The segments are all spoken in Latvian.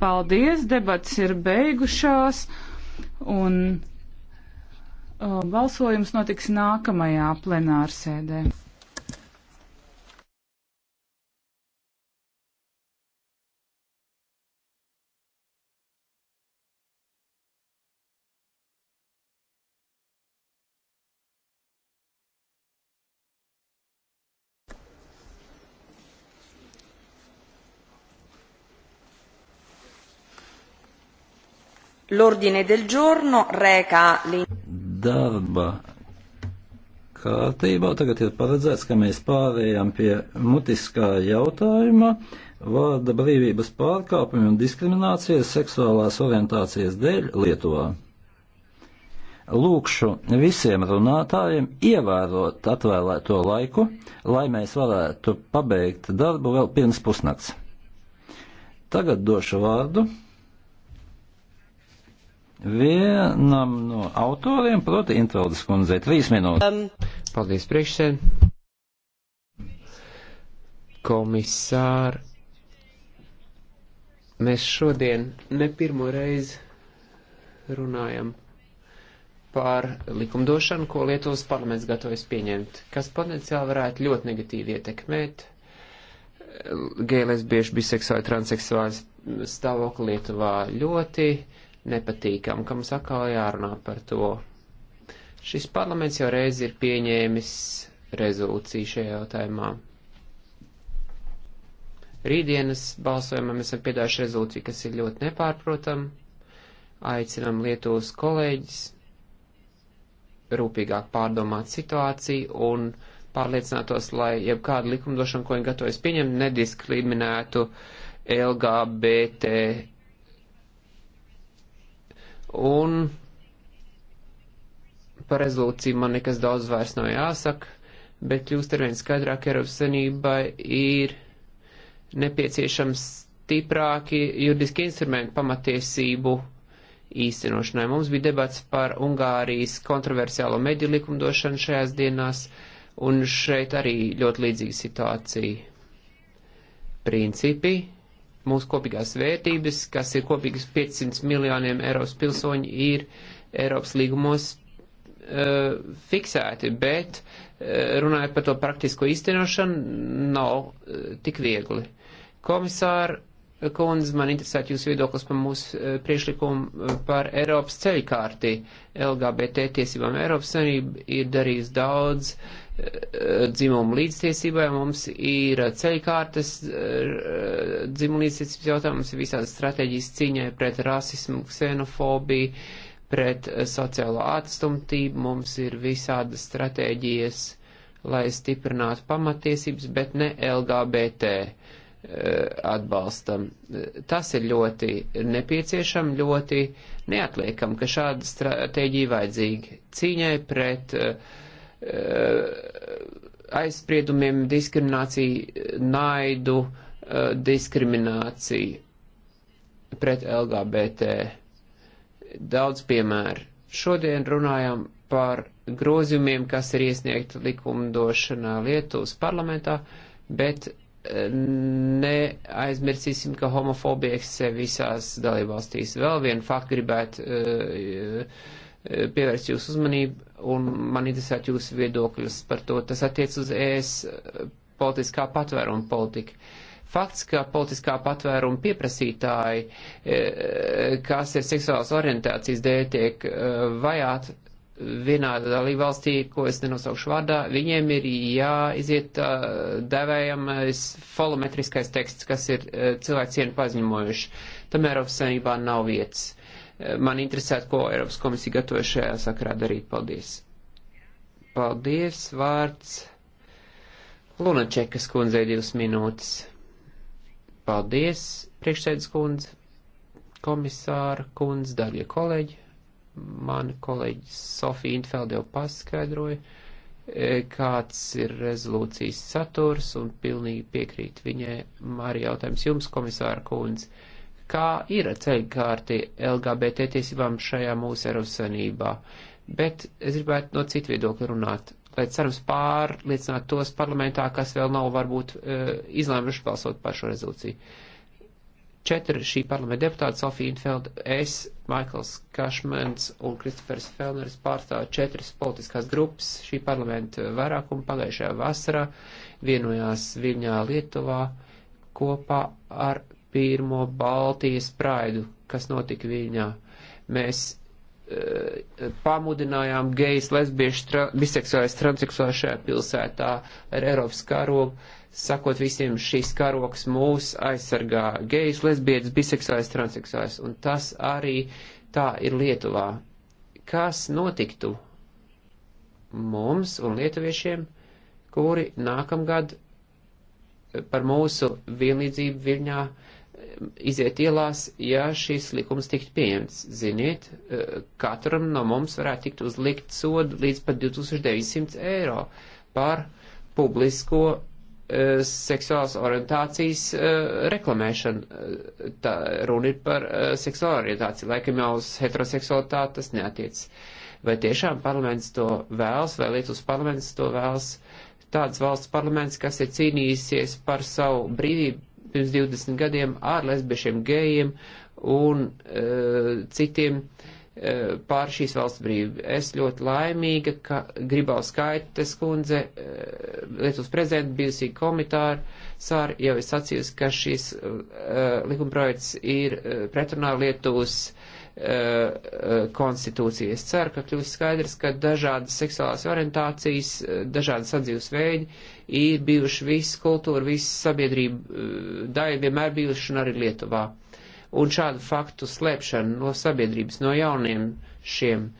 Paldies, debats ir beigušās un uh, balsojums notiks nākamajā plenārsēdē. L'ordine del giorno reka darba kārtībā. Tagad ir paredzēts, ka mēs pārējām pie mutiskā jautājuma vārda brīvības pārkāpumi un diskriminācijas seksuālās orientācijas dēļ Lietuvā. Lūkšu visiem runātājiem ievērot atvēlēto laiku, lai mēs varētu pabeigt darbu vēl pirms pusnakts. Tagad došu vārdu vienam no autoriem, proti Intraudas kundzei. Trīs minūtes. Um. Paldies priekšsēd. Komisār, mēs šodien ne pirmo reizi runājam par likumdošanu, ko Lietuvas parlaments gatavojas pieņemt, kas potenciāli varētu ļoti negatīvi ietekmēt eh, gēlēs bieži biseksuāli, transseksuāli stāvokli Lietuvā ļoti. Uh, nepatīkam, ka mums atkal jārunā par to. Šis parlaments jau reiz ir pieņēmis rezolūciju šajā jautājumā. Rītdienas balsojumā mēs esam piedāvājuši rezolūciju, kas ir ļoti nepārprotam. Aicinam Lietuvas kolēģis rūpīgāk pārdomāt situāciju un pārliecinātos, lai jebkāda likumdošana, ko viņi gatavojas pieņemt, nediskriminētu LGBT Un par rezolūciju man nekas daudz vairs nav jāsaka, bet kļūst arvien skaidrāk Eiropas Savienībai ir nepieciešams stiprāki juridiski instrumenti pamatiesību īstenošanai. Mums bija debats par Ungārijas kontroversiālo mediju likumdošanu šajās dienās, un šeit arī ļoti līdzīga situācija. Principi mūsu kopīgās vērtības, kas ir kopīgas 500 miljoniem Eiropas pilsoņu, ir Eiropas līgumos uh, fiksēti, bet uh, runājot par to praktisko īstenošanu, nav uh, tik viegli. Komisāra Kundze, man interesētu jūs viedoklis par mūsu priešlikumu par Eiropas ceļkārti. LGBT tiesībām Eiropas Savienība ir darījusi daudz uh, dzimumu līdztiesībai, mums ir ceļkārtas eh, dzimumu līdztiesības jautājums, visādas stratēģijas cīņai pret rasismu, ksenofobiju, pret eh, sociālo atstumtību, mums ir visādas stratēģijas, lai stiprinātu pamatiesības, bet ne LGBT eh, atbalstam. Tas ir ļoti nepieciešam, ļoti neatliekam, ka šāda stratēģija vajadzīga cīņai pret uh, Eh, aizspriedumiem, diskrimināciju, naidu, eh, diskrimināciju pret LGBT. Daudz piemēru. Šodien runājam par grozījumiem, kas ir iesniegti likumdošanā Lietuvas parlamentā, bet eh, neaizmirsīsim, ka homofobija eksistē visās dalībvalstīs. Vēl vienu faktu gribētu uh, Eh, pievērst jūsu uzmanību un man interesētu jūsu viedokļus par to. Tas attiec uz ES eh, politiskā patvēruma politiku. Fakts, ka politiskā patvēruma pieprasītāji, eh, kas ir seksuālas orientācijas dēļ, tiek vajāti vienā dalība valstī, ko es nenosaukšu vārdā, viņiem ir jāiziet uh, devējamais folometriskais teksts, kas ir uh, cilvēku cienu paziņojuši. Tam Eiropas saimnībā nav vietas. Uh, man interesētu, ko Eiropas komisija gatavo šajā sakarā darīt. Paldies! Paldies! Vārds Lunačekas kundzei divas minūtes. Paldies, priekšsēdus kundze, komisāra kundze, darbie kolēģi. Mani kolēģi Sofija Infeld jau paskaidroja, e, kāds ir rezolūcijas saturs un pilnīgi piekrīt viņai. Arī jautājums jums, komisāra kundze. Uh, kā ir ceļkārti LGBT tiesībām šajā mūsu Eiropas Savienībā. Bet es gribētu no citu viedokļa runāt, lai cerams pārliecināt tos parlamentā, kas vēl nav varbūt e, izlēmuši balsot par šo rezolūciju. Četri šī parlamenta deputāti, Sofija Infeld, es, Maikls Kašmans un Kristofers Felneris pārstāv četras politiskās grupas šī parlamenta vairākumu pagājušajā vasarā, vienojās Viļņā, Lietuvā kopā ar pirmo Baltijas praidu, kas notika Viņā. Mēs e, pamudinājām gejs, lesbiešus, tra biseksuālais, transseksuālais šajā pilsētā ar Eiropas karogu, sakot visiem šīs karoks mūs aizsargā gejs, lesbietis, biseksuālais, transseksuālais. Un tas arī tā ir Lietuvā. Kas notiktu mums un lietuviešiem, kuri nākamgad par mūsu vienlīdzību Viļņā uh, iziet ielās, ja šīs likums tikt pieņemts. Ziniet, e, katram no mums varētu tikt uzlikt sodu līdz pat 2900 eiro par publisko e, seksuālas orientācijas e, reklamēšanu. E, tā runa ir par e, seksuālu orientāciju, laikam jau uz heteroseksualitāti tas neatiec. Vai tiešām parlaments to vēlas, vai Lietuvas parlaments to vēlas? Tāds valsts parlaments, kas ir cīnījusies par savu brīvību, pirms 20 gadiem ar lesbiešiem, gejiem un uh, citiem uh, pār šīs valsts brīvību. Es ļoti laimīga, ka Gribau Skaites kundze, uh, e, Lietuvas prezidenta, bijusī komitāra, sāra jau ir sacījusi, ka šis uh, likumprojekts ir uh, pretrunā Lietuvas Eh, konstitūcija. Es ceru, ka kļūst skaidrs, ka dažādas seksuālās orientācijas, eh, dažādas atdzīves veidi ir bijuši visas kultūra, visas sabiedrība eh, daļa vienmēr bijuši un arī Lietuvā. Un šādu faktu slēpšana no sabiedrības, no jauniem šiem,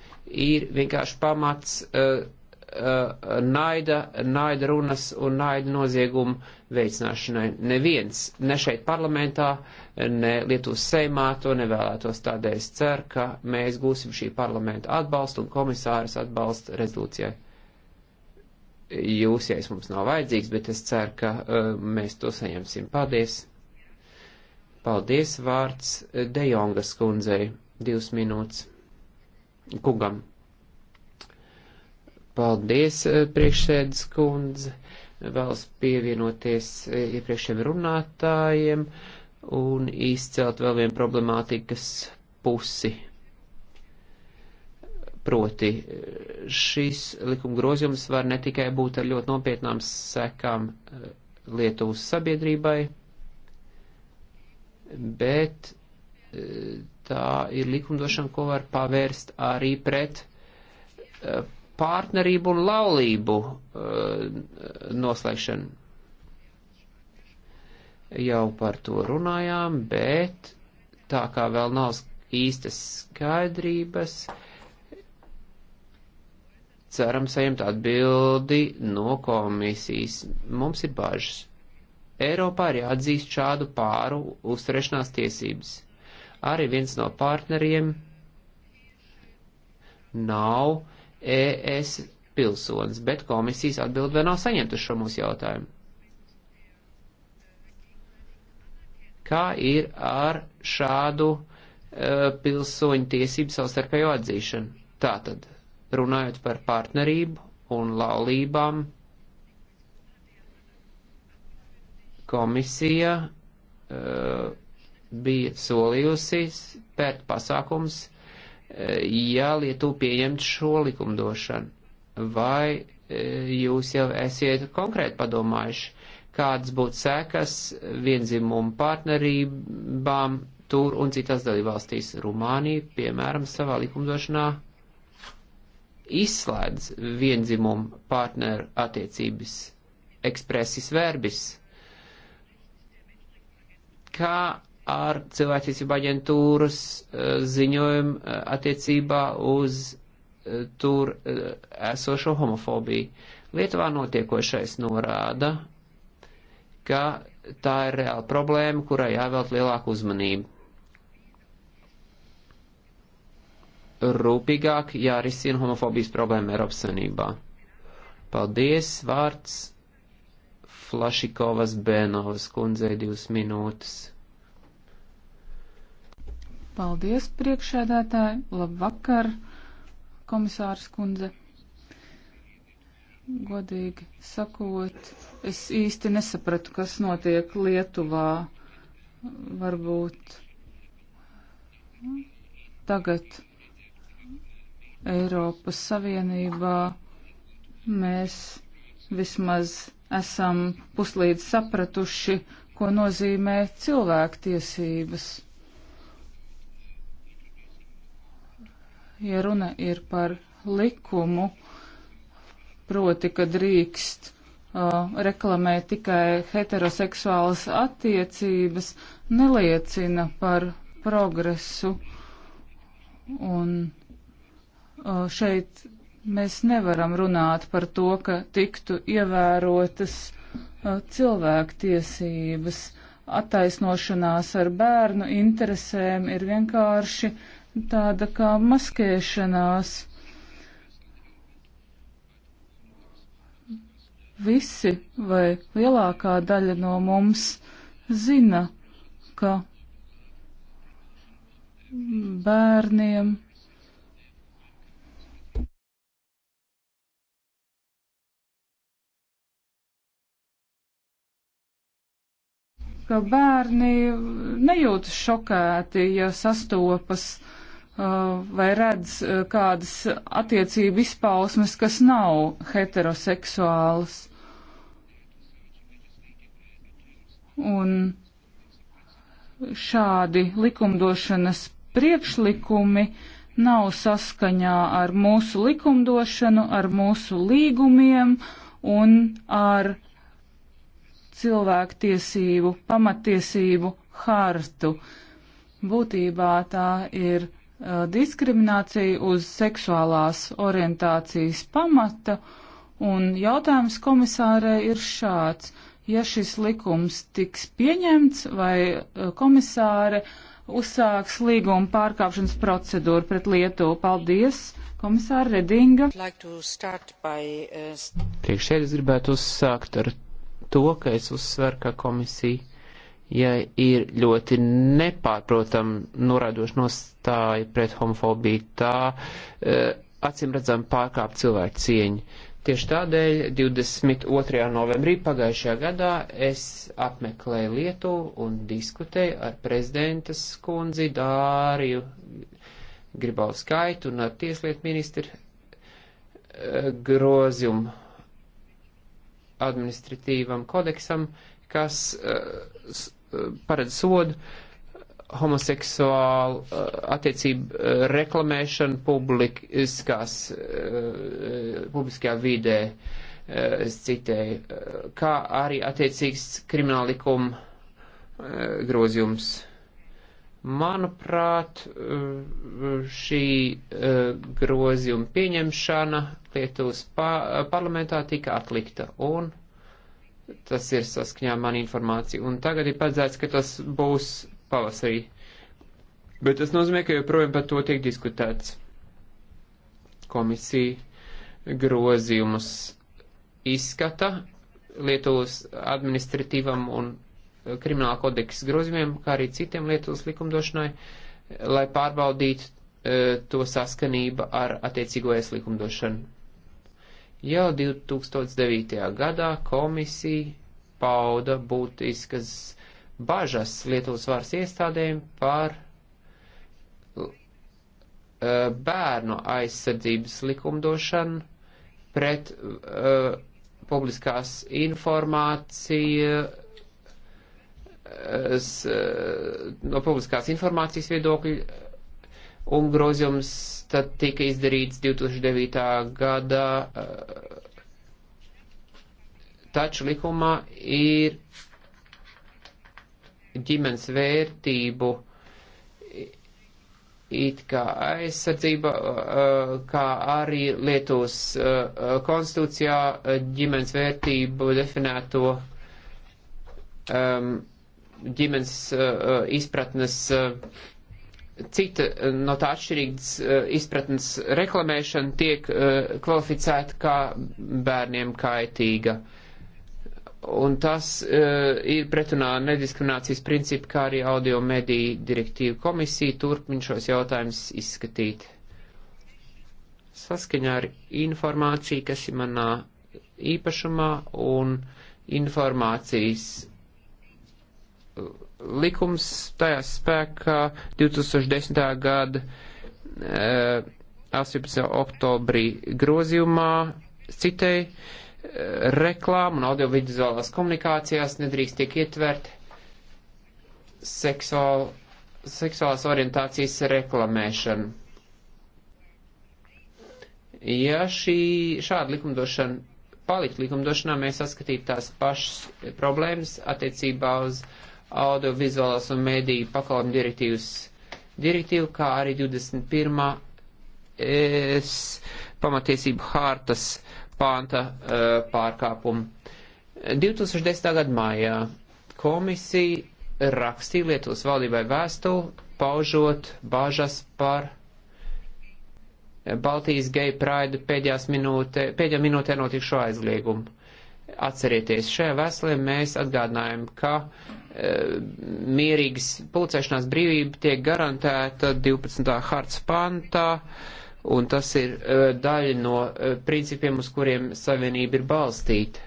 ir vienkārši pamats uh, uh, naida, naida runas un naida noziegumu veicināšanai. Neviens, ne šeit parlamentā, ne Lietuvas seimā to nevēlētos. Tādēļ es ceru, ka mēs gūsim šī parlamenta atbalstu un komisāras atbalstu rezolūcijai. Jūs, ja es mums nav vajadzīgs, bet es ceru, ka uh, mēs to saņemsim. Paldies! Paldies vārds Dejongas kundzei. Divas minūtes. Kungam. Paldies, uh, priekšsēdes kundze vēlas pievienoties iepriekšējiem runātājiem un izcelt vēl vienu problemātikas pusi. Proti, šīs likuma grozījums var ne tikai būt ar ļoti nopietnām sekām eh, Lietuvas sabiedrībai, bet eh, tā ir likumdošana, ko var pavērst arī pret eh, partnerību un laulību eh, noslēgšanu. Jau par to runājām, bet tā kā vēl nav īstas skaidrības, ceram saņemt atbildi no komisijas. Mums ir bažas. Eiropā ir jāatzīst šādu pāru uzturēšanās tiesības. Arī viens no partneriem nav uh, ES pilsonis, bet komisijas atbild vēl nav saņemta šo mūsu jautājumu. Kā ir ar šādu uh, pilsoņu tiesību savstarpējo atzīšanu? Tātad, runājot par partnerību un laulībām, komisija uh, bija solījusi pērt pasākums ja Lietuva pieņemt šo likumdošanu? Vai e, jūs jau esiet konkrēti padomājuši, kādas būtu sekas vienzimumu partnerībām tur un citās dalībvalstīs? Rumānija, piemēram, savā likumdošanā izslēdz vienzimumu partneru attiecības ekspresis verbis. Kā ar cilvēktiesību aģentūras eh, ziņojumu eh, attiecībā uz eh, tur esošo homofobiju. Lietuvā notiekošais norāda, ka tā ir reāla problēma, kurai jāvelt lielāku uzmanību. Rūpīgāk jārisina homofobijas problēma Eiropas Savienībā. Paldies, vārds Flašikovas Bēnovas kundzei divas minūtes. Paldies, priekšēdētāji. Labvakar, komisārs kundze. Godīgi sakot, es īsti nesapratu, kas notiek Lietuvā. Varbūt tagad Eiropas Savienībā mēs vismaz esam puslīdz sapratuši, ko nozīmē cilvēktiesības. ja runa ir par likumu, proti, ka drīkst uh, reklamēt tikai heteroseksuālas attiecības, neliecina par progresu. Un uh, šeit mēs nevaram runāt par to, ka tiktu ievērotas uh, cilvēktiesības. Attaisnošanās ar bērnu interesēm ir vienkārši uh, tāda kā maskēšanās. Visi vai lielākā daļa no mums zina, ka bērniem ka bērni nejūtas šokēti, ja sastopas Uh, vai redz uh, kādas attiecību izpausmes, kas nav heteroseksuālas. Un šādi likumdošanas priekšlikumi nav saskaņā ar mūsu likumdošanu, ar mūsu līgumiem un ar cilvēktiesību, pamatiesību hartu. Būtībā tā ir Uh, diskrimināciju uz seksuālās orientācijas pamata, un jautājums komisārē ir šāds. Ja šis likums tiks pieņemts, vai uh, komisāre uzsāks līguma pārkāpšanas procedūru pret Lietuvu? Paldies, komisāra Redinga. Like by, uh... Priekšēļ es gribētu uzsākt ar to, ka es uzsveru, ka komisija ja ir ļoti nepārprotam norādoši nostāja pret homofobiju, tā uh, acīm redzam pārkāp cilvēku cieņu. Tieši tādēļ 22. novembrī pagājušajā gadā es apmeklēju Lietuvu un diskutēju ar prezidentas kundzi Dāriju Gribauskaitu un ar tieslietu ministru uh, e, grozījumu administratīvam kodeksam, kas uh, paredz sodu homoseksuālu uh, attiecību uh, reklamēšanu publiskās, uh, publiskajā vidē, es citēju, kā arī attiecīgs krimināla likuma grozījums. Manuprāt, šī grozījuma pieņemšana Lietuvas parlamentā tika atlikta un Tas ir saskaņā man informācija. Un tagad ir paredzēts, ka tas būs pavasarī. Bet tas nozīmē, ka joprojām par to tiek diskutēts. Komisija grozījumus izskata Lietuvas administratīvam un krimināla kodeksa grozījumiem, kā arī citiem Lietuvas likumdošanai, lai pārbaudītu e, to saskanību ar attiecīgo es likumdošanu. Jau 2009. gadā komisija pauda būtiskas bažas Lietuvas varas iestādēm par eh, bērnu aizsardzības likumdošanu pret uh, publiskās informācijas, uh, no publiskās informācijas viedokļa un grozījums tad tika izdarīts 2009. gadā, eh, taču likumā ir ģimenes vērtību it kā aizsardzība, eh, kā arī Lietuvas eh, konstitūcijā ģimenes vērtību definēto ehm, ģimenes izpratnes cita eh, no tā atšķirīgas eh, izpratnes reklamēšana tiek eh, kvalificēta kā bērniem kaitīga. Un tas uh, ir pretrunā nediskriminācijas principu, kā arī audio mediju direktīva komisija turpin šos jautājumus izskatīt. Saskaņā ar informāciju, kas ir manā īpašumā, un informācijas likums tajās spēkā 2010. gada 18. Eh, oktobrī grozījumā citai eh, reklāmu un audiovizuālās komunikācijās nedrīkst tiek ietvert seksuālu, seksuālās orientācijas reklamēšanu. Ja šī, šāda likumdošana palikt likumdošanā, mēs saskatītu tās pašas problēmas attiecībā uz uh, audiovizuālās un mediju pakalpojumu direktīvas direktīvu, kā arī 21. Es, pamatiesību hārtas pānta uh, e, pārkāpumu. 2010. gada mājā komisija rakstīja Lietuvas valdībai vēstuli, paužot bažas par Baltijas geju praidu minūte, pēdējā minūtē notikšo aizliegumu. Atcerieties, šajā vēstulē mēs atgādinājam, ka Eh, mierīgas pulcēšanās brīvība tiek garantēta 12. hartas pantā, un tas ir eh, daļa no eh, principiem, uz kuriem savienība ir balstīta.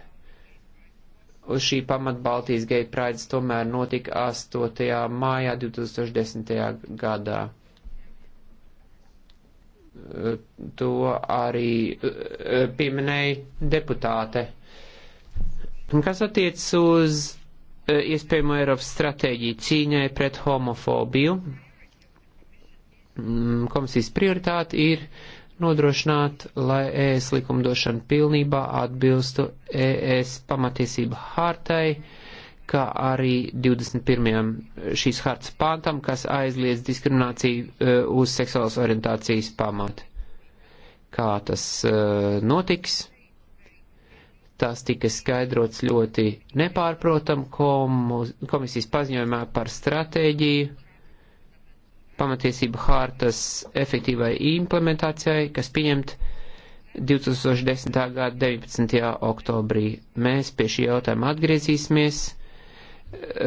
Uz šī pamata Baltijas geja praids tomēr notika 8. mājā 2010. gadā. To arī pieminēja deputāte. Kas attiec uz E, iespējamo Eiropas stratēģiju cīņai pret homofobiju. Mm, komisijas prioritāte ir nodrošināt, lai ES likumdošana pilnībā atbilstu ES pamatiesību hartai, kā arī 21. šīs hartas pantam, kas aizliedz diskrimināciju e, uz seksuālas orientācijas pamatu. Kā tas e, notiks? Tas tika skaidrots ļoti nepārprotam komisijas paziņojumā par stratēģiju pamatiesību hārtas efektīvai implementācijai, kas pieņemt 2010. gada 19. oktobrī. Mēs pie šī jautājuma atgriezīsimies,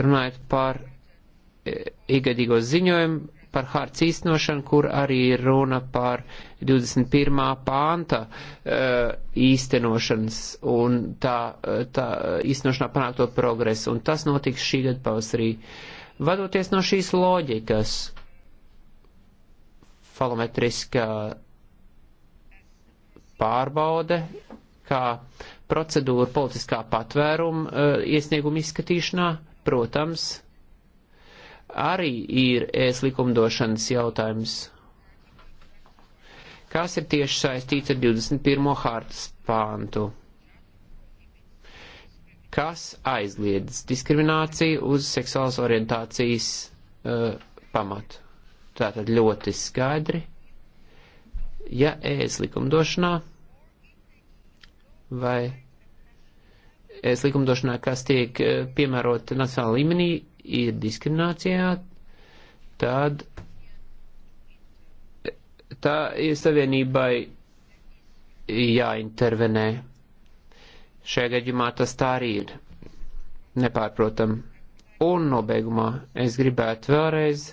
runājot par e, igadīgo ziņojumu par harts īstenošanu, kur arī runa par 21. pānta eh, īstenošanas un tā, eh, tā īstenošanā panākto progresu. Un tas notiks šī gada pavasarī. Vadoties no šīs loģikas, falometriskā pārbaude, kā procedūra politiskā patvēruma eh, iesnieguma izskatīšanā, protams, arī ir ēs likumdošanas jautājums, kas ir tieši saistīts ar 21. hārtas pāntu, kas aizliedz diskrimināciju uz seksuālas orientācijas uh, pamatu. Tātad ļoti skaidri, ja ēs likumdošanā vai ēs likumdošanā, kas tiek eh, piemērot nacionāla līmenī, ir diskriminācijā, tad tā ir savienībai jāintervenē. Šajā gadījumā tas tā arī ir. Nepārprotam. Un nobeigumā es gribētu vēlreiz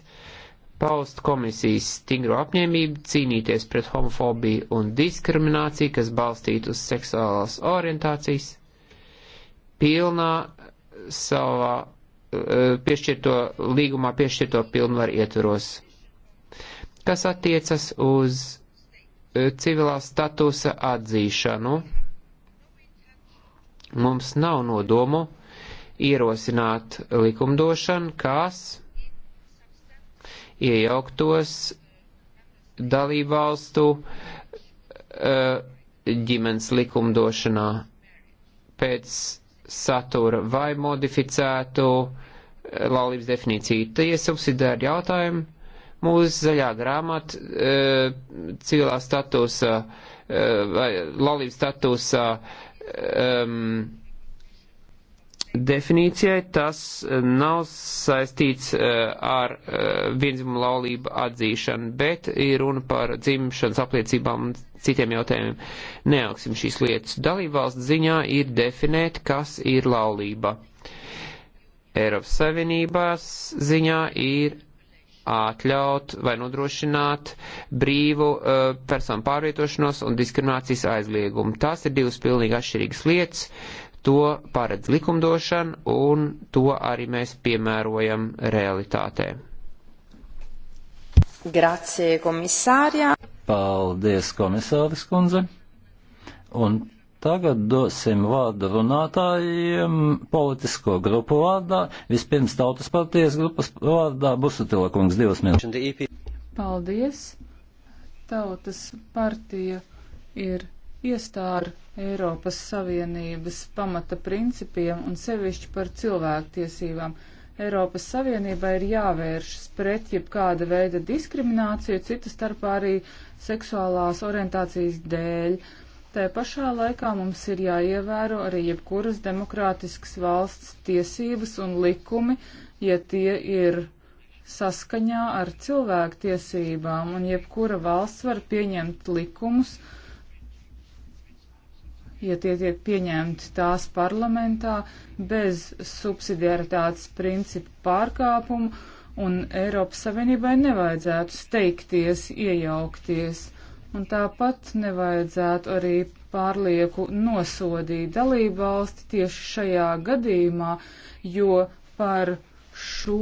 paust komisijas stingro apņēmību cīnīties pret homofobiju un diskrimināciju, kas balstīta uz seksuālās orientācijas, pilnā savā Eh, piešķirto, līgumā piešķirto pilnvaru ietveros. Kas attiecas uz eh, civilā statusa atzīšanu, mums nav nodomu ierosināt likumdošanu, kas iejauktos dalībvalstu eh, ģimenes likumdošanā pēc satura vai modificētu eh, laulības definīciju. Tie subsidiāri jautājumi mūsu zaļā grāmata e, civilā statusa e, vai laulības statusa e, um, definīcijai, tas e, nav saistīts e, ar e, vienzimumu laulību atzīšanu, bet ir runa par dzimšanas apliecībām un citiem jautājumiem. Neauksim šīs lietas. Dalībvalsts ziņā ir definēt, kas ir laulība. Eiropas Savienībās ziņā ir atļaut vai nodrošināt brīvu uh, personu pārvietošanos un diskriminācijas aizliegumu. Tās ir divas pilnīgi atšķirīgas lietas, To paredz likumdošana un to arī mēs piemērojam realitātē. Grazie, komisārjā. Paldies, komisāris kundze. Un Tagad dosim vārdu runātājiem politisko grupu vārdā. Vispirms tautas partijas grupas vārdā Busutila kungs divas minūtes. Paldies. Tautas partija ir iestāru Eiropas Savienības pamata principiem un sevišķi par cilvēktiesībām. Eiropas Savienībai ir jāvēršas pret jebkāda veida diskrimināciju, citas starpā arī seksuālās orientācijas dēļ. Tā pašā laikā mums ir jāievēro arī jebkuras demokrātiskas valsts tiesības un likumi, ja tie ir saskaņā ar cilvēktiesībām, un jebkura valsts var pieņemt likumus, uh, ja tie tiek pieņemti tās parlamentā bez subsidiaritātes principu pārkāpumu, un Eiropas Savienībai nevajadzētu steigties, iejaukties, un tāpat nevajadzētu arī pārlieku nosodīt dalību valsti tieši šajā gadījumā, jo par šo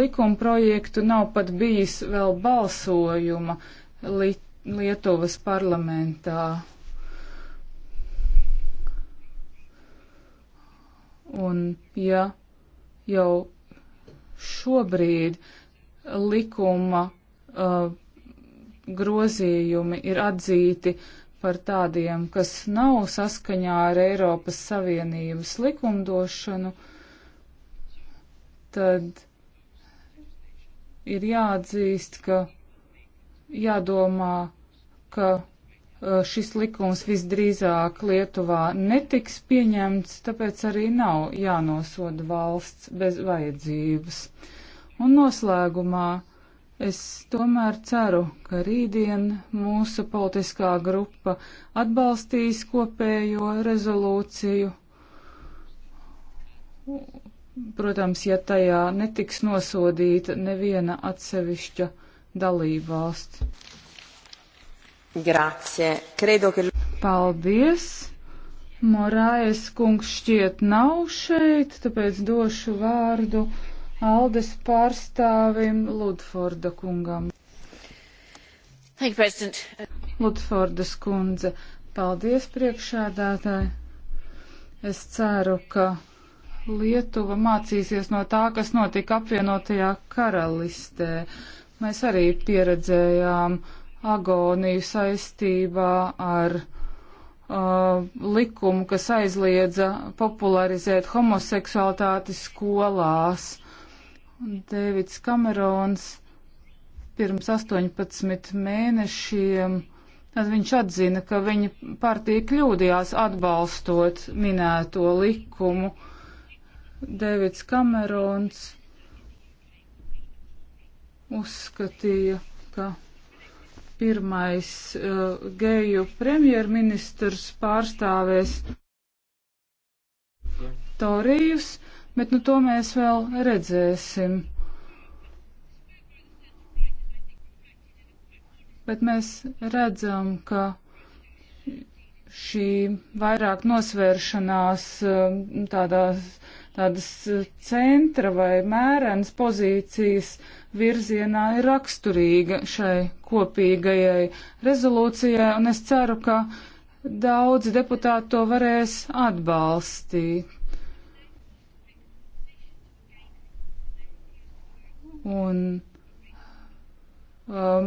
likumprojektu nav pat bijis vēl balsojuma Lietuvas parlamentā. Un ja jau šobrīd likuma uh, grozījumi ir atzīti par tādiem, kas nav saskaņā ar Eiropas Savienības likumdošanu, tad ir jāatzīst, ka jādomā, ka Eh, šis likums visdrīzāk Lietuvā netiks pieņemts, tāpēc arī nav jānosoda valsts bez vajadzības. Un noslēgumā es tomēr ceru, ka rītdien mūsu politiskā grupa atbalstīs kopējo rezolūciju. Protams, ja tajā netiks nosodīta neviena atsevišķa dalībvalsts. Grazie. Credo, ka... Paldies. Morājas kungs šķiet nav šeit, tāpēc došu vārdu Aldes pārstāvim Ludforda kungam. Thank you, President. Ludfordas kundze, paldies priekšādātāji. Es ceru, ka Lietuva mācīsies no tā, kas notika apvienotajā karalistē. Mēs arī pieredzējām uh, agoniju saistībā ar uh, likumu, kas aizliedza popularizēt homoseksualitāti skolās. Dēvids Kamerons pirms 18 mēnešiem, tad viņš atzina, ka viņa partija kļūdījās atbalstot minēto likumu. Dēvids Kamerons uzskatīja, ka pirmais uh, geju premjerministrs pārstāvēs Torijus, bet nu to mēs vēl redzēsim. Bet mēs redzam, ka šī vairāk nosvēršanās uh, tādās tādas e, centra vai mērens pozīcijas virzienā ir raksturīga šai kopīgajai rezolūcijai, un es ceru, ka daudz deputātu to varēs atbalstīt. Un Um,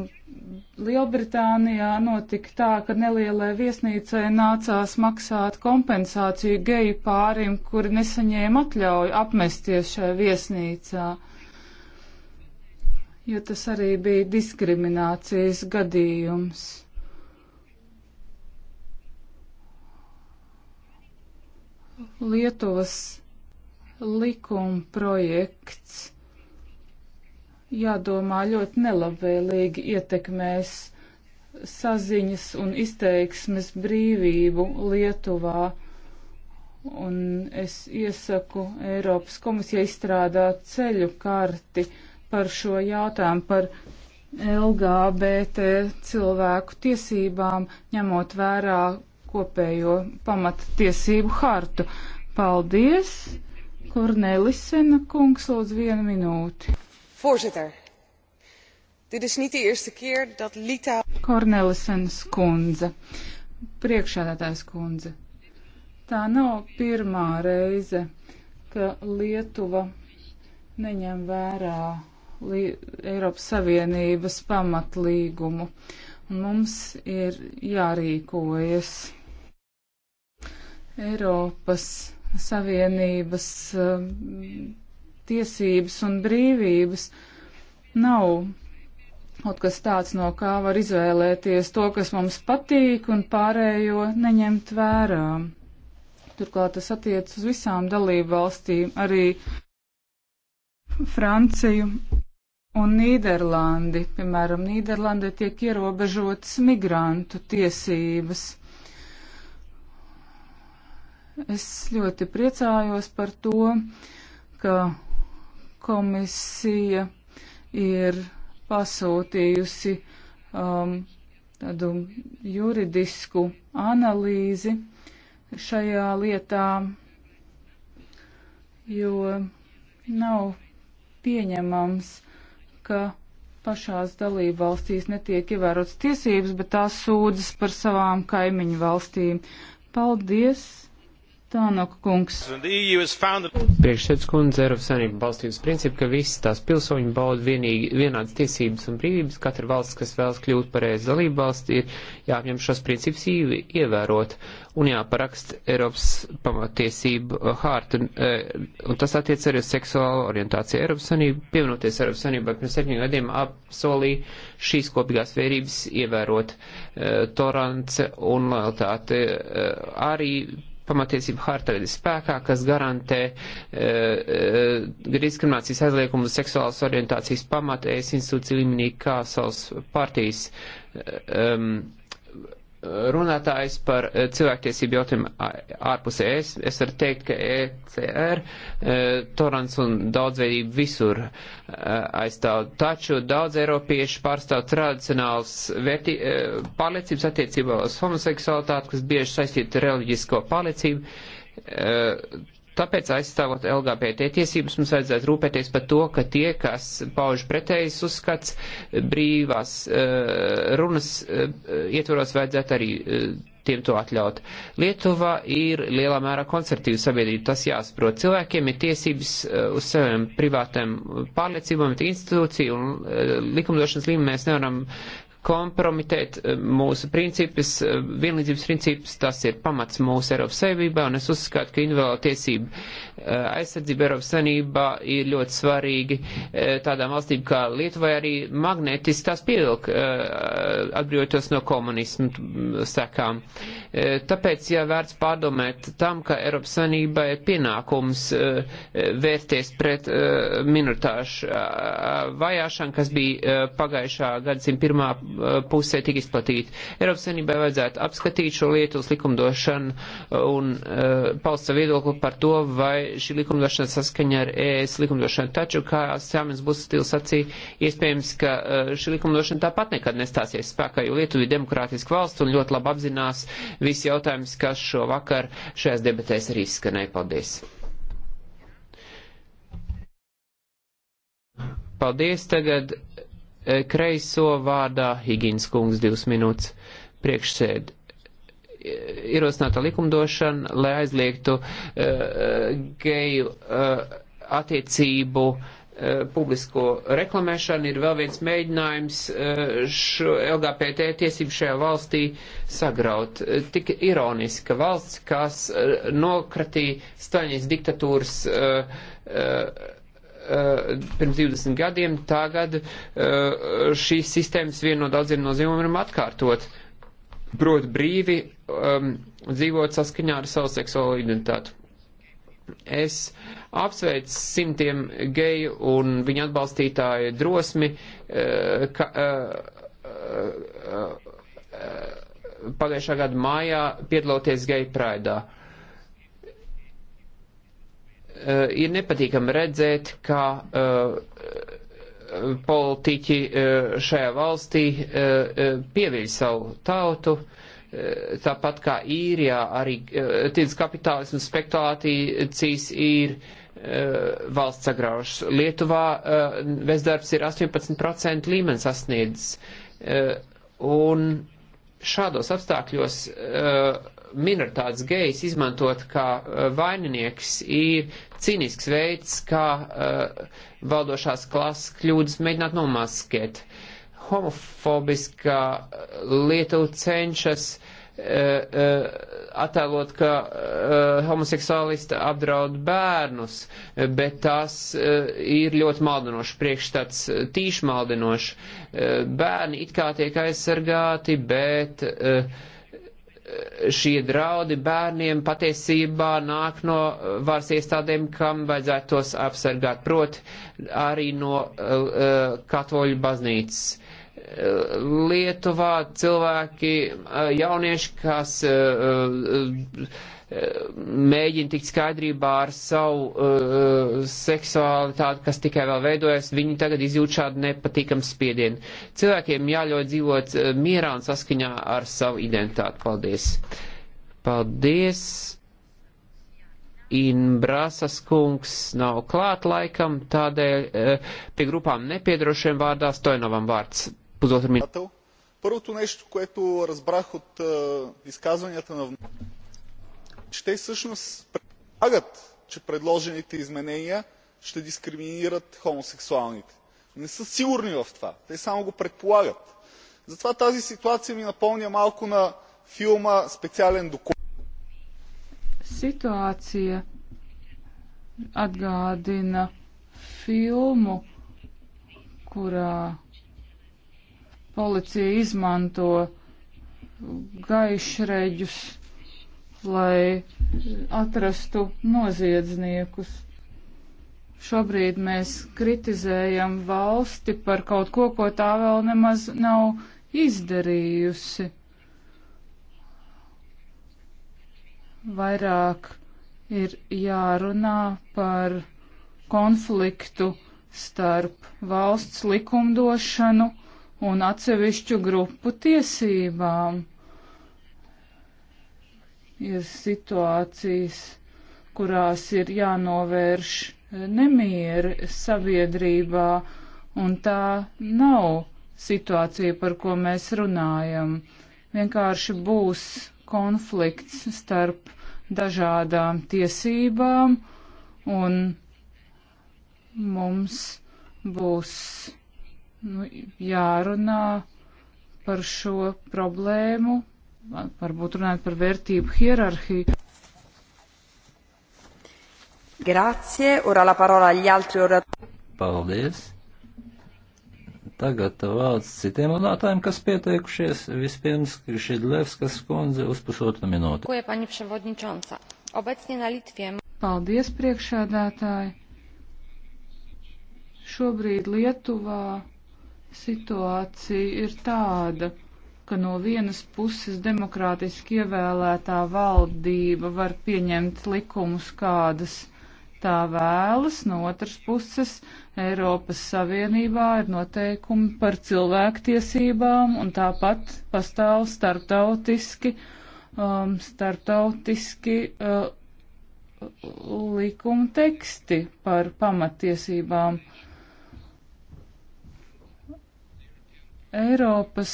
Lielbritānijā notika tā, ka nelielai viesnīcai nācās maksāt kompensāciju geju pārim, kuri nesaņēma atļauju apmesties šajā viesnīcā, jo tas arī bija diskriminācijas gadījums. Lietuvas likuma projekts jādomā ļoti nelabvēlīgi ietekmēs saziņas un izteiksmes brīvību Lietuvā. Un es iesaku Eiropas komisijai izstrādāt ceļu karti par šo jautājumu, par LGBT cilvēku tiesībām, ņemot vērā kopējo pamattiesību hartu. Paldies! Kornelisena kungs, lūdzu, vienu minūti voorzitter dit is niet de eerste keer dat litouwen. kornelisens kundze priekšsēdētājas kundze tā nav pirmā reize ka lietuva neņem vērā li Eiropas Savienības pamatlīgumu un mums ir jārīkojas. Eiropas Savienības uh, tiesības un brīvības nav kaut kas tāds, no kā var izvēlēties to, kas mums patīk, un pārējo neņemt vērā. Turklāt tas attiec uz visām dalību valstīm, arī Franciju un Nīderlandi. Piemēram, Nīderlandē tiek ierobežotas migrantu tiesības. Es ļoti priecājos par to, ka Komisija ir pasūtījusi um, tādu juridisku analīzi šajā lietā, jo nav pieņemams, ka pašās dalību valstīs netiek ievērotas tiesības, bet tās sūdzas par savām kaimiņu valstīm. Paldies! Tānok kungs. Priekšsēdus kundze, Eiropas Savienība balstības principu, ka visas tās pilsoņi bauda vienīgi vienādas tiesības un brīvības. Katra valsts, kas vēlas kļūt par ES dalību valsti, ir jāapņem šos principus īvi ievērot un jāparakst Eiropas pamatiesību hārta. Un, eh, un tas attiec arī uz seksuālo orientāciju. Eiropas Savienība, pievinoties Eiropas Savienībai pirms septiņiem gadiem, apsolīja šīs kopīgās vērības ievērot. Eh, Torance un lojaltāte eh, arī pamatiesību harta ir spēkā, kas garantē e, e, diskriminācijas aizliegumu seksuālas orientācijas pamatējas institūciju līmenī kā savas partijas. E, um, e, runātājs par eh, cilvēktiesību jautājumu ārpus ES. Es varu teikt, ka ECR, eh, Torants un daudzveidība visur eh, aizstāv. Taču daudz eiropiešu pārstāv tradicionāls vērtī, pārliecības attiecībā uz homoseksualitāti, kas bieži saistīta ar reliģisko pārliecību Tāpēc aizstāvot LGBT tiesības mums vajadzētu rūpēties par to, ka tie, kas pauž pretējas uzskats, brīvās eh, runas eh, ietvaros vajadzētu arī eh, tiem to atļaut. Lietuva ir lielā mērā konservatīva sabiedrība, tas jāsaprot. Cilvēkiem ir tiesības uz saviem privātiem pārliecībām, bet institūciju un likumdošanas līmenī mēs nevaram kompromitēt eh, mūsu principus, eh, vienlīdzības principus, tas ir pamats mūsu Eiropas savienībā, un es uzskatu, ka individuāla tiesība Eh, aizsardzība Eiropas Sanībā ir ļoti svarīgi eh, tādām valstīm kā Lietuvai arī magnetiski tās pievilk eh, atbrīvoties no komunismu sekām. Tāpēc, ja vērts pārdomēt tam, ka Eiropas Sanība ir pienākums vērties pret minoritāšu vajāšanu, kas bija pagājušā gadsimta pirmā pusē tik izplatīta. Eiropas Sanībai vajadzētu apskatīt šo lietu uz likumdošanu un paust savu viedokli par to, vai šī likumdošana saskaņa ar ES likumdošanu. Taču, kā Sāmins Busatils sacīja, iespējams, ka uh, šī likumdošana tāpat nekad nestāsies spēkā, jo Lietuva ir demokrātiska valsts un ļoti labi apzinās visi jautājums, kas šo vakar šajās debatēs arī izskanēja. Paldies! Paldies tagad uh, kreiso vārdā Higīns kungs divas minūtes priekšsēdi ierosināta likumdošana, lai aizliegtu uh, geju uh, attiecību uh, publisko reklamēšanu, ir vēl viens mēģinājums uh, šo LGBT tiesību šajā valstī sagraut. Uh, tik ironiski, ka valsts, kas uh, nokratīja Staļņas diktatūras uh, uh, pirms 20 gadiem, tagad šīs sistēmas viena no daudziem nozīmumiem atkārtot. Proti brīvi um, dzīvot saskaņā ar savu seksuālo identitāti. Es apsveicu simtiem geju un viņu atbalstītāju drosmi, uh, ka, uh, uh, uh, pagājušā gada mājā piedaloties geju praidā. Uh, ir nepatīkami redzēt, ka uh, politiķi uh, šajā valstī uh, uh pieviļ savu tautu, uh, Eh, tāpat kā īrijā, arī eh, tīdz kapitālisms spekulācijas ir eh, valsts sagraužas. Lietuvā bezdarbs ir 18% līmenis sasniedzis. Un šādos apstākļos minoritātes gejs izmantot kā vaininieks ir cīnisks veids, kā valdošās klases kļūdas mēģināt nomaskēt. Homofobiskā Lietuva cenšas E, e, attēlot, ka e, homoseksuālisti apdraud bērnus, bet tās ir ļoti maldinoši, priekšstats tīši maldinoši. Bērni it kā tiek aizsargāti, bet šie draudi bērniem patiesībā nāk no varas iestādēm, kam vajadzētu tos apsargāt, proti arī no katoļu baznīcas Lietuvā cilvēki, jaunieši, kas mēģina tikt skaidrībā ar savu uh, seksualitāti, kas tikai vēl veidojas, viņi tagad izjūt šādu nepatīkamu spiedienu. Cilvēkiem jāļauj dzīvot uh, mierā un saskaņā ar savu identitāti. Paldies! Paldies! Inbrasas kungs nav klāt laikam, tādēļ uh, pie grupām nepiedarošiem vārdās Toinovam vārds. Pusotър минута. Първото нещо, което разбрах от изказванията на че те всъщност предполагат, че предложените изменения ще дискриминират хомосексуалните. Не са сигурни в това. Те само го предполагат. Затова тази ситуация ми напомня малко на филма Специален доклад. Ситуация atgādina filmu, kurā Policija izmanto gaišreģus, lai atrastu noziedzniekus. Šobrīd mēs kritizējam valsti par kaut ko, ko tā vēl nemaz nav izdarījusi. Vairāk ir jārunā par konfliktu starp valsts likumdošanu un atsevišķu grupu tiesībām. Ir situācijas, kurās ir jānovērš nemieri sabiedrībā, un tā nav situācija, par ko mēs runājam. Vienkārši būs konflikts starp dažādām tiesībām, un mums būs nu, jārunā par šo problēmu, varbūt runājot par vērtību hierarhiju. Grazie, ora la parola agli altri oratori. Paldies. Tagad vārds citiem runātājiem, kas pieteikušies. Vispirms Šidlevskas kundze uz pusotru minūti. Ko, paņi prevodničonca? Obecnie na Litviem. Paldies, priekšādātāji. Šobrīd Lietuvā situācija ir tāda, ka no vienas puses demokrātiski ievēlētā valdība var pieņemt likumus, kādas tā vēlas, no otras puses Eiropas Savienībā ir noteikumi par cilvēktiesībām un tāpat pastāv starptautiski, um, starptautiski uh, likuma teksti par pamatiesībām. Uh, Eiropas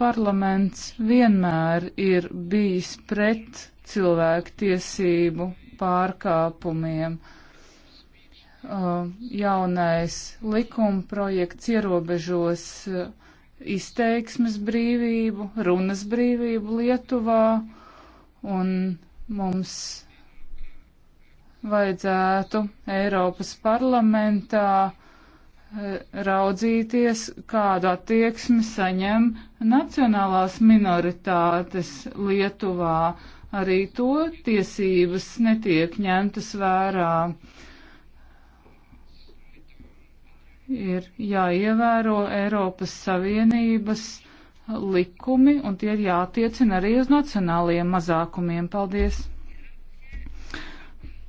parlaments vienmēr ir bijis pret cilvēku tiesību pārkāpumiem. Uh, jaunais likuma projekts ierobežos uh, izteiksmes brīvību, runas brīvību Lietuvā, un mums vajadzētu Eiropas parlamentā Eh, raudzīties, kādu attieksmi saņem nacionālās minoritātes Lietuvā. Arī to tiesības netiek ņemtas vērā. Ir jāievēro Eiropas Savienības likumi, un tie ir jātiecina arī uz nacionālajiem mazākumiem. Paldies!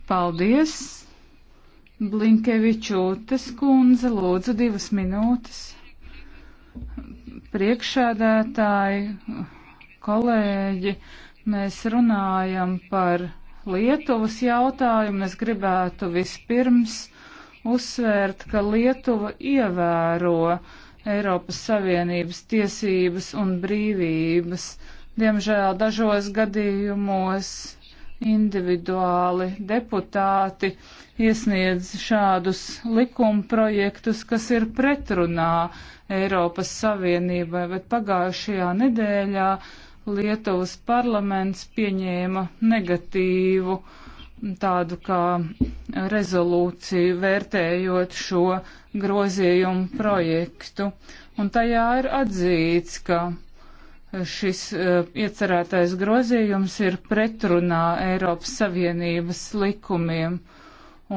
Paldies! Blinkevičūtes kundze, lūdzu, divas minūtes. Priekšēdētāji, kolēģi, mēs runājam par Lietuvas jautājumu. Es gribētu vispirms uzsvērt, ka Lietuva ievēro Eiropas Savienības tiesības un brīvības. Diemžēl dažos gadījumos individuāli deputāti iesniedz šādus likumprojektus, kas ir pretrunā Eiropas Savienībai, bet pagājušajā nedēļā Lietuvas parlaments pieņēma negatīvu tādu kā rezolūciju vērtējot šo grozījumu projektu. Un tajā ir atzīts, ka šis uh, iecerētais grozījums ir pretrunā Eiropas Savienības likumiem.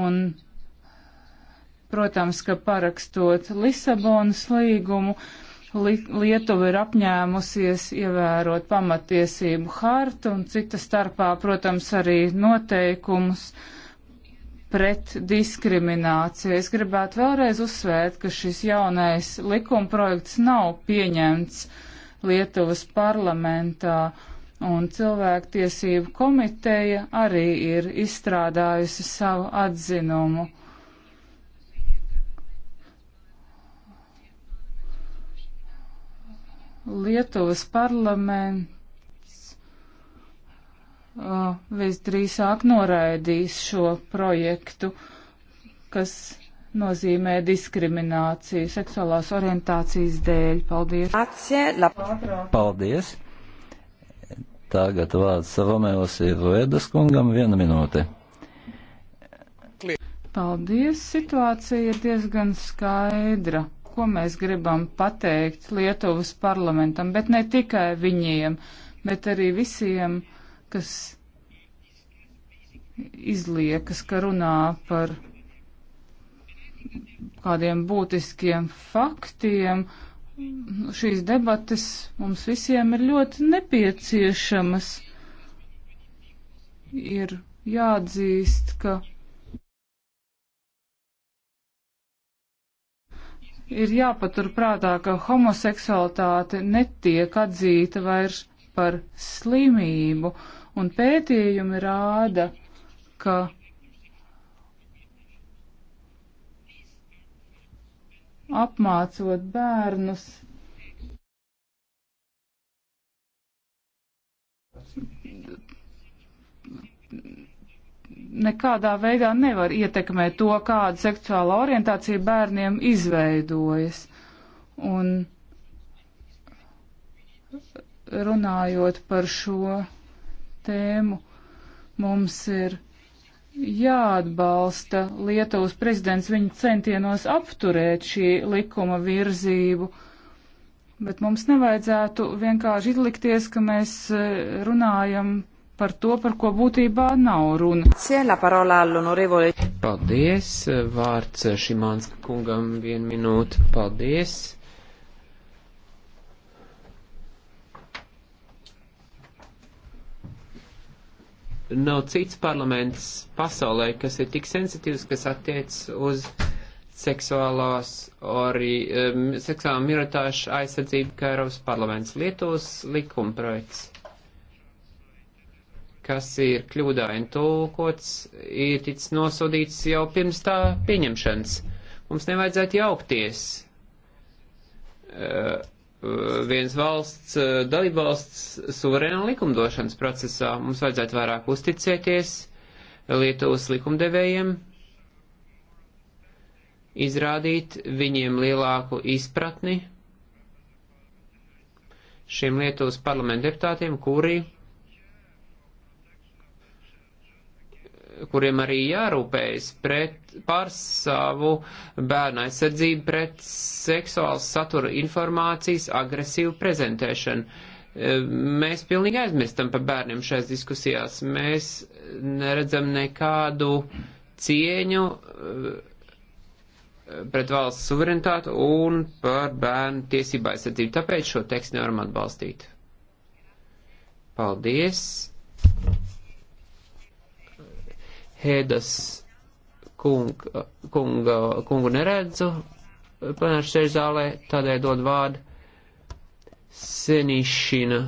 Un, protams, ka parakstot Lisabonas līgumu, li Lietuva ir apņēmusies ievērot pamatiesību hartu un cita starpā, protams, arī noteikumus pret diskrimināciju. Es gribētu vēlreiz uzsvērt, ka šis jaunais likumprojekts nav pieņemts uh, Lietuvas parlamentā, un cilvēktiesību komiteja arī ir izstrādājusi savu atzinumu. Lietuvas parlaments uh, visdrīzāk noraidīs šo projektu, kas nozīmē diskrimināciju seksuālās orientācijas dēļ. Paldies! Paldies! Tagad vārds Romēos ir Ruedas kungam viena minūte. Paldies! Situācija ir diezgan skaidra, ko mēs gribam pateikt Lietuvas parlamentam, bet ne tikai viņiem, bet arī visiem, kas izliekas, ka runā par kādiem būtiskiem faktiem. Šīs debates mums visiem ir ļoti nepieciešamas. Ir jāatzīst, ka ir jāpaturprātā, ka homoseksualitāte netiek atzīta vairs par slimību, un pētījumi rāda, ka apmācot bērnus. Nekādā veidā nevar ietekmēt to, kāda seksuāla orientācija bērniem izveidojas. Un runājot par šo tēmu, mums ir jāatbalsta Lietuvas prezidents viņa centienos apturēt šī likuma virzību, bet mums nevajadzētu vienkārši izlikties, ka mēs e, runājam par to, par ko būtībā nav runa. Paldies, vārds Šimānska kungam vien minūte. Paldies. Nav cits parlaments pasaulē, kas ir tik sensitīvs, kas attiec uz seksuālās arī um, seksuālā mirotāšu aizsardzību, kā Eiropas parlaments Lietuvas likumprojekts kas ir kļūdaini tulkots, ir ticis nosodīts jau pirms tā pieņemšanas. Mums nevajadzētu jaukties. Uh, viens valsts, eh, dalībvalsts suverēna likumdošanas procesā. Mums vajadzētu vairāk uzticēties Lietuvas likumdevējiem, izrādīt viņiem lielāku izpratni šiem Lietuvas parlamenta deputātiem, kuri kuriem arī jārūpējas pret, par savu bērnu aizsardzību pret seksuāls satura informācijas agresīvu prezentēšanu. E, mēs pilnīgi aizmirstam par bērniem šajās diskusijās. Mēs neredzam nekādu cieņu e, pret valsts suverenitāti un par bērnu tiesību aizsardzību. Tāpēc šo tekstu nevaram atbalstīt. Paldies! Hēdas kung, kunga, kungu neredzu plenāšu sēžu zālē, tādēļ dod vārdu Senišina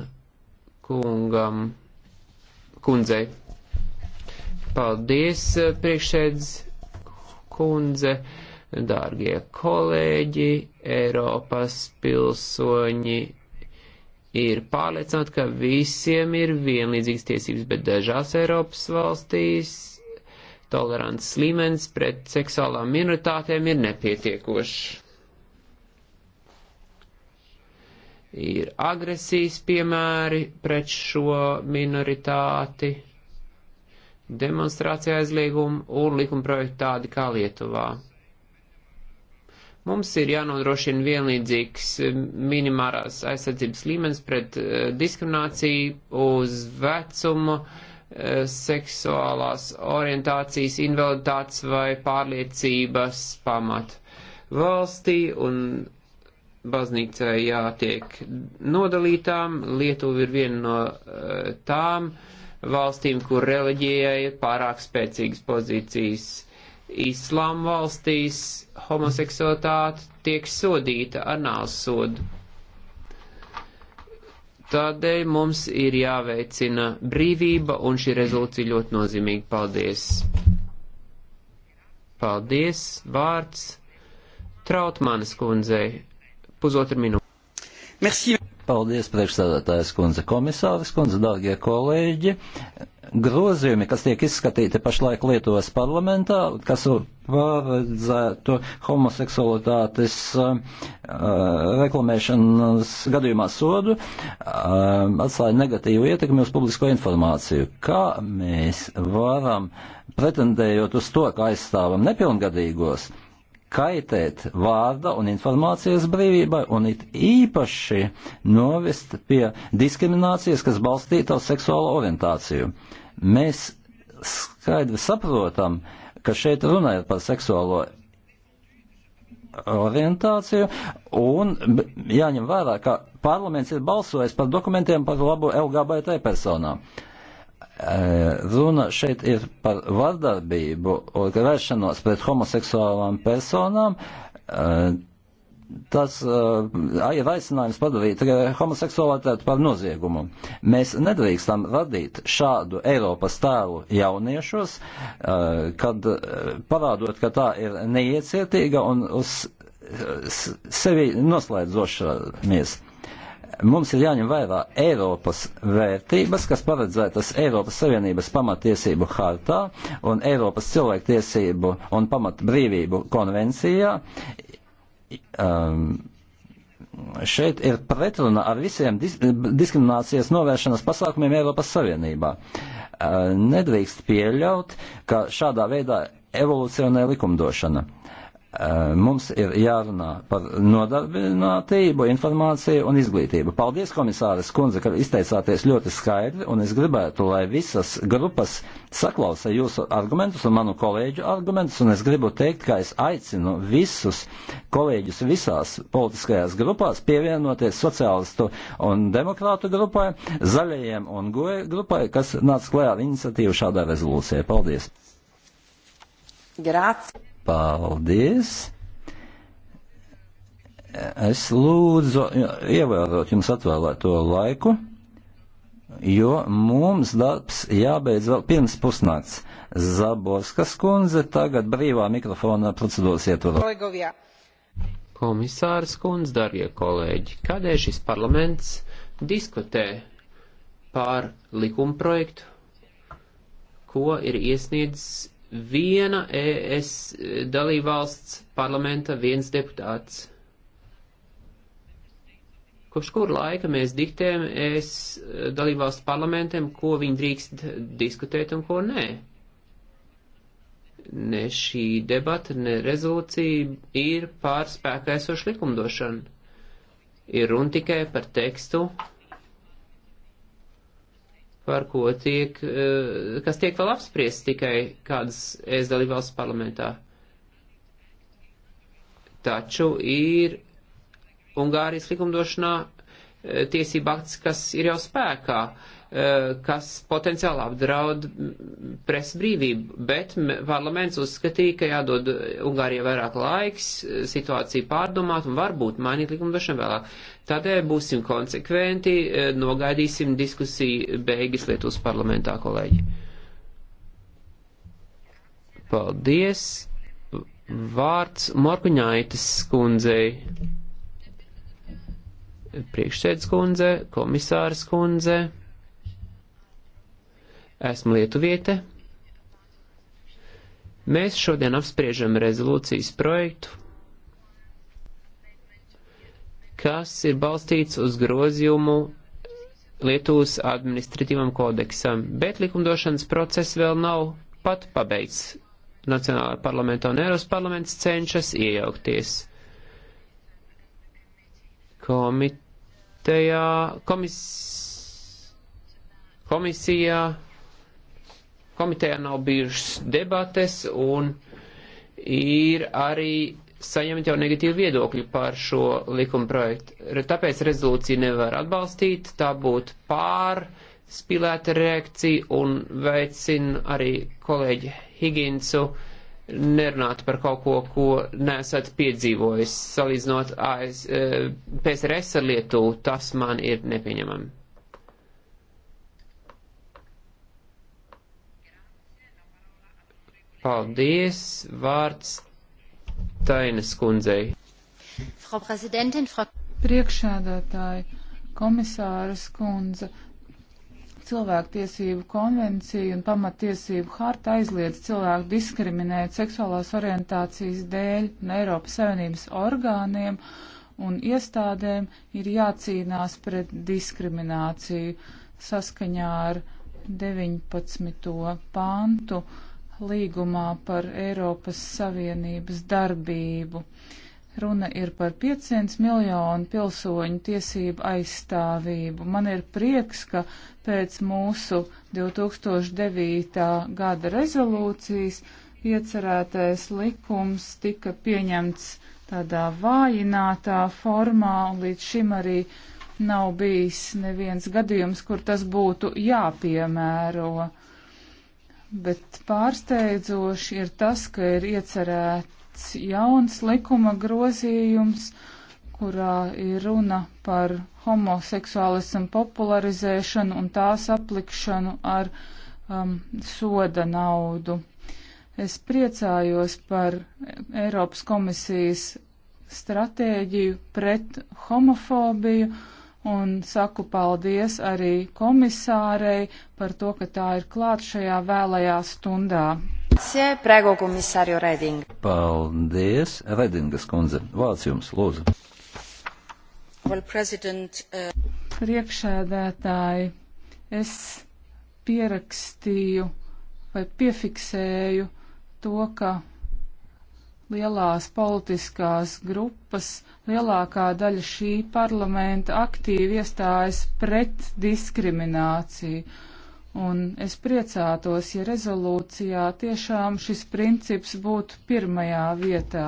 kungam, kundzei. Paldies, priekšsēdz kundze, dārgie kolēģi, Eiropas pilsoņi ir pārliecināti, ka visiem ir vienlīdzīgas tiesības, bet dažās Eiropas valstīs tolerants līmenis pret seksuālām minoritātēm ir nepietiekošs. Ir agresijas piemēri pret šo minoritāti, demonstrācija aizlieguma un likumprojekti tādi kā Lietuvā. Mums ir jānodrošina vienlīdzīgs eh, minimārās aizsardzības līmenis pret eh, diskrimināciju uz vecumu, uh, Eh, seksuālās orientācijas, invaliditātes vai pārliecības pamatu. Valstī un baznīcai jātiek nodalītām, Lietuva ir viena no uh, tām valstīm, kur reliģijai ir pārāk spēcīgas pozīcijas. Islām valstīs homoseksualitāte tiek sodīta ar nāvsodu Tādēļ mums ir jāveicina brīvība, un šī rezolūcija ļoti nozīmīga. Paldies! Paldies! Vārds Trautmanas kundzei. Pusotru minūti. Merci. Paldies, priekšstādātājs kundze, komisāris kundze, dārgie kolēģi grozījumi, kas tiek izskatīti pašlaik Lietuvas parlamentā, kas paredzētu homoseksualitātes uh, reklamēšanas gadījumā sodu, uh, atstāja negatīvu ietekmi uz publisko informāciju. Kā mēs varam, pretendējot uz to, ka aizstāvam nepilngadīgos, uh, kaitēt vārda un informācijas brīvībai un it īpaši novest pie diskriminācijas, kas balstīta uz seksuālo orientāciju. Mēs skaidri saprotam, ka šeit runājot par seksuālo orientāciju, un jāņem vērā, ka parlaments ir balsojis par dokumentiem par labu LGBT personām. Uh, Eh, runa šeit ir par vardarbību un vēršanos pret homoseksuālām personām. Eh, tas uh, eh, ir aicinājums padarīt homoseksualitāti par noziegumu. Mēs nedrīkstam radīt šādu Eiropas tēlu jauniešos, uh, kad uh, parādot, ka tā ir neiecietīga un uz sevi noslēdzošamies. Mums ir jāņem vērā Eiropas vērtības, kas paredzētas Eiropas Savienības pamatiesību hartā un Eiropas cilvēktiesību un pamatbrīvību konvencijā. Um, šeit ir pretruna ar visiem dis diskriminācijas novēršanas pasākumiem Eiropas Savienībā. Uh, nedrīkst pieļaut, ka šādā veidā evolucionē likumdošana. Uh, Mums ir jārunā par nodarbinātību, informāciju un izglītību. Paldies, komisāres kundze, ka izteicāties ļoti skaidri, un es gribētu, lai visas grupas saklausa jūsu argumentus un manu kolēģu argumentus, un es gribu teikt, ka es aicinu visus kolēģus visās politiskajās grupās pievienoties sociālistu un demokrātu grupai, zaļajiem un goja grupai, kas nāca klajā ar iniciatīvu šādā rezolūcijā. Paldies! Grazie! Paldies! Es lūdzu ievērot jums atvēlēto laiku, jo mums darbs jābeidz vēl pirms pusnakts. Zaborskas kundze tagad brīvā mikrofona procedūras ietvaros. Komisārs kundze, darbie kolēģi, kādēļ šis parlaments diskutē pār likumprojektu, ko ir iesniedzis viena ES dalībvalsts parlamenta viens deputāts. Kopš kur laika mēs diktējam ES dalībvalstu parlamentiem, ko viņi drīkst diskutēt un ko nē? Ne šī debata, ne rezolūcija ir pārspēkā esoša likumdošana. Ir runa tikai par tekstu, par ko tiek, eh, kas tiek vēl apspriest tikai kādas ES dalībvalsts parlamentā. Taču ir Ungārijas likumdošanā eh, tiesība akts, kas ir jau spēkā. Uh, Eh, kas potenciāli apdraud presa brīvību, bet parlaments uzskatīja, ka jādod Ungārijai vairāk laiks, eh, situāciju pārdomāt un varbūt mainīt likumdošanu vēlāk. Tādēļ būsim konsekventi, eh, nogaidīsim diskusiju beigas Lietuvas parlamentā, kolēģi. Paldies! Vārds Morkuņaitis skundzei. Priekšsēdz kundze, komisārs kundze esmu Lietuviete. Mēs šodien apspriežam rezolūcijas projektu, kas ir balstīts uz grozījumu Lietuvas administratīvam kodeksam, bet likumdošanas process vēl nav pat pabeigts. Nacionālā parlamenta un Eiropas parlaments cenšas iejaukties. Komitejā, komis, komisijā komitejā nav bijušas debates un ir arī saņemt jau negatīvu viedokļu par šo likuma projektu. Tāpēc rezolūciju nevar atbalstīt, tā būtu pārspīlēta reakcija un veicina arī kolēģi Higginsu nerunāt par kaut ko, ko nesat piedzīvojis. Salīdzinot AS, eh, PSRS ar Lietuvu, tas man ir nepieņemami. Paldies, vārds Tainas kundzei. Frau Präsidentin, Frau Priekšādātāji, komisāras kundze, cilvēktiesību konvencija un pamatiesību harta aizliedz cilvēku diskriminēt seksuālās orientācijas dēļ un Eiropas Savienības orgāniem un iestādēm ir jācīnās pret diskrimināciju saskaņā ar 19. pantu līgumā par Eiropas Savienības darbību. Runa ir par 500 miljonu pilsoņu tiesību aizstāvību. Man ir prieks, ka pēc mūsu 2009. gada rezolūcijas iecerētais likums tika pieņemts tādā vājinātā formā, un līdz šim arī nav bijis neviens gadījums, kur tas būtu jāpiemēro. Uh, bet pārsteidzoši ir tas, ka ir iecerēts jauns likuma grozījums, kurā ir runa par homoseksuālismu popularizēšanu un tās aplikšanu ar um, soda naudu. Es priecājos par Eiropas komisijas stratēģiju pret homofobiju un saku paldies arī komisārei par to, ka tā ir klāt šajā vēlajā stundā. Prego komisāru Redingu. Paldies, Redingas kundze. Vārds jums, lūdzu. Well, uh... Priekšēdētāji, es pierakstīju vai piefiksēju to, ka lielās politiskās grupas, lielākā daļa šī parlamenta aktīvi iestājas pret diskrimināciju. Un es priecātos, ja rezolūcijā tiešām šis princips būtu pirmajā vietā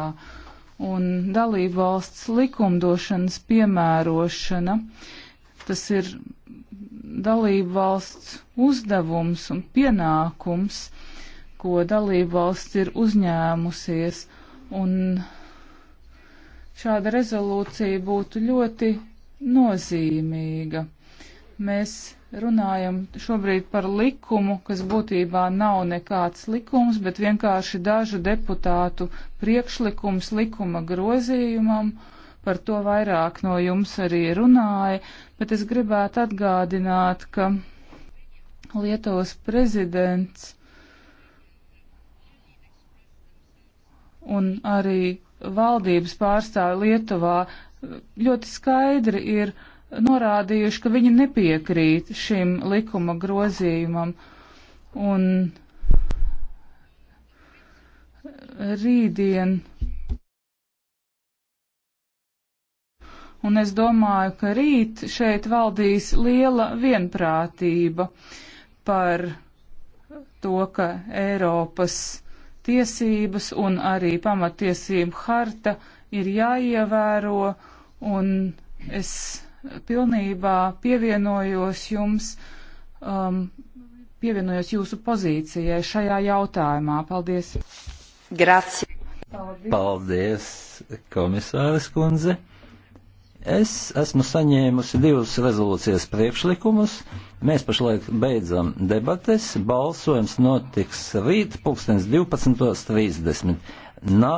un dalībvalsts likumdošanas piemērošana. Tas ir dalībvalsts uzdevums un pienākums, ko dalībvalsts ir uzņēmusies Un šāda rezolūcija būtu ļoti nozīmīga. Mēs runājam šobrīd par likumu, kas būtībā nav nekāds likums, bet vienkārši dažu deputātu priekšlikums likuma grozījumam. Par to vairāk no jums arī runāja, bet es gribētu atgādināt, ka Lietuvas prezidents un arī valdības pārstāvi Lietuvā ļoti skaidri ir norādījuši, ka viņi nepiekrīt šim likuma grozījumam. Un rītdien. Un es domāju, ka rīt šeit valdīs liela vienprātība par to, ka Eiropas tiesības un arī pamatiesību harta ir jāievēro, un es pilnībā pievienojos jums, um, pievienojos jūsu pozīcijai šajā jautājumā. Paldies! Grazie! Paldies, Paldies komisāres kundze! Es esmu saņēmusi divus rezolūcijas priekšlikumus. Mēs pašlaik beidzam debates. Balsojums notiks rīt, pulkstens 12.30.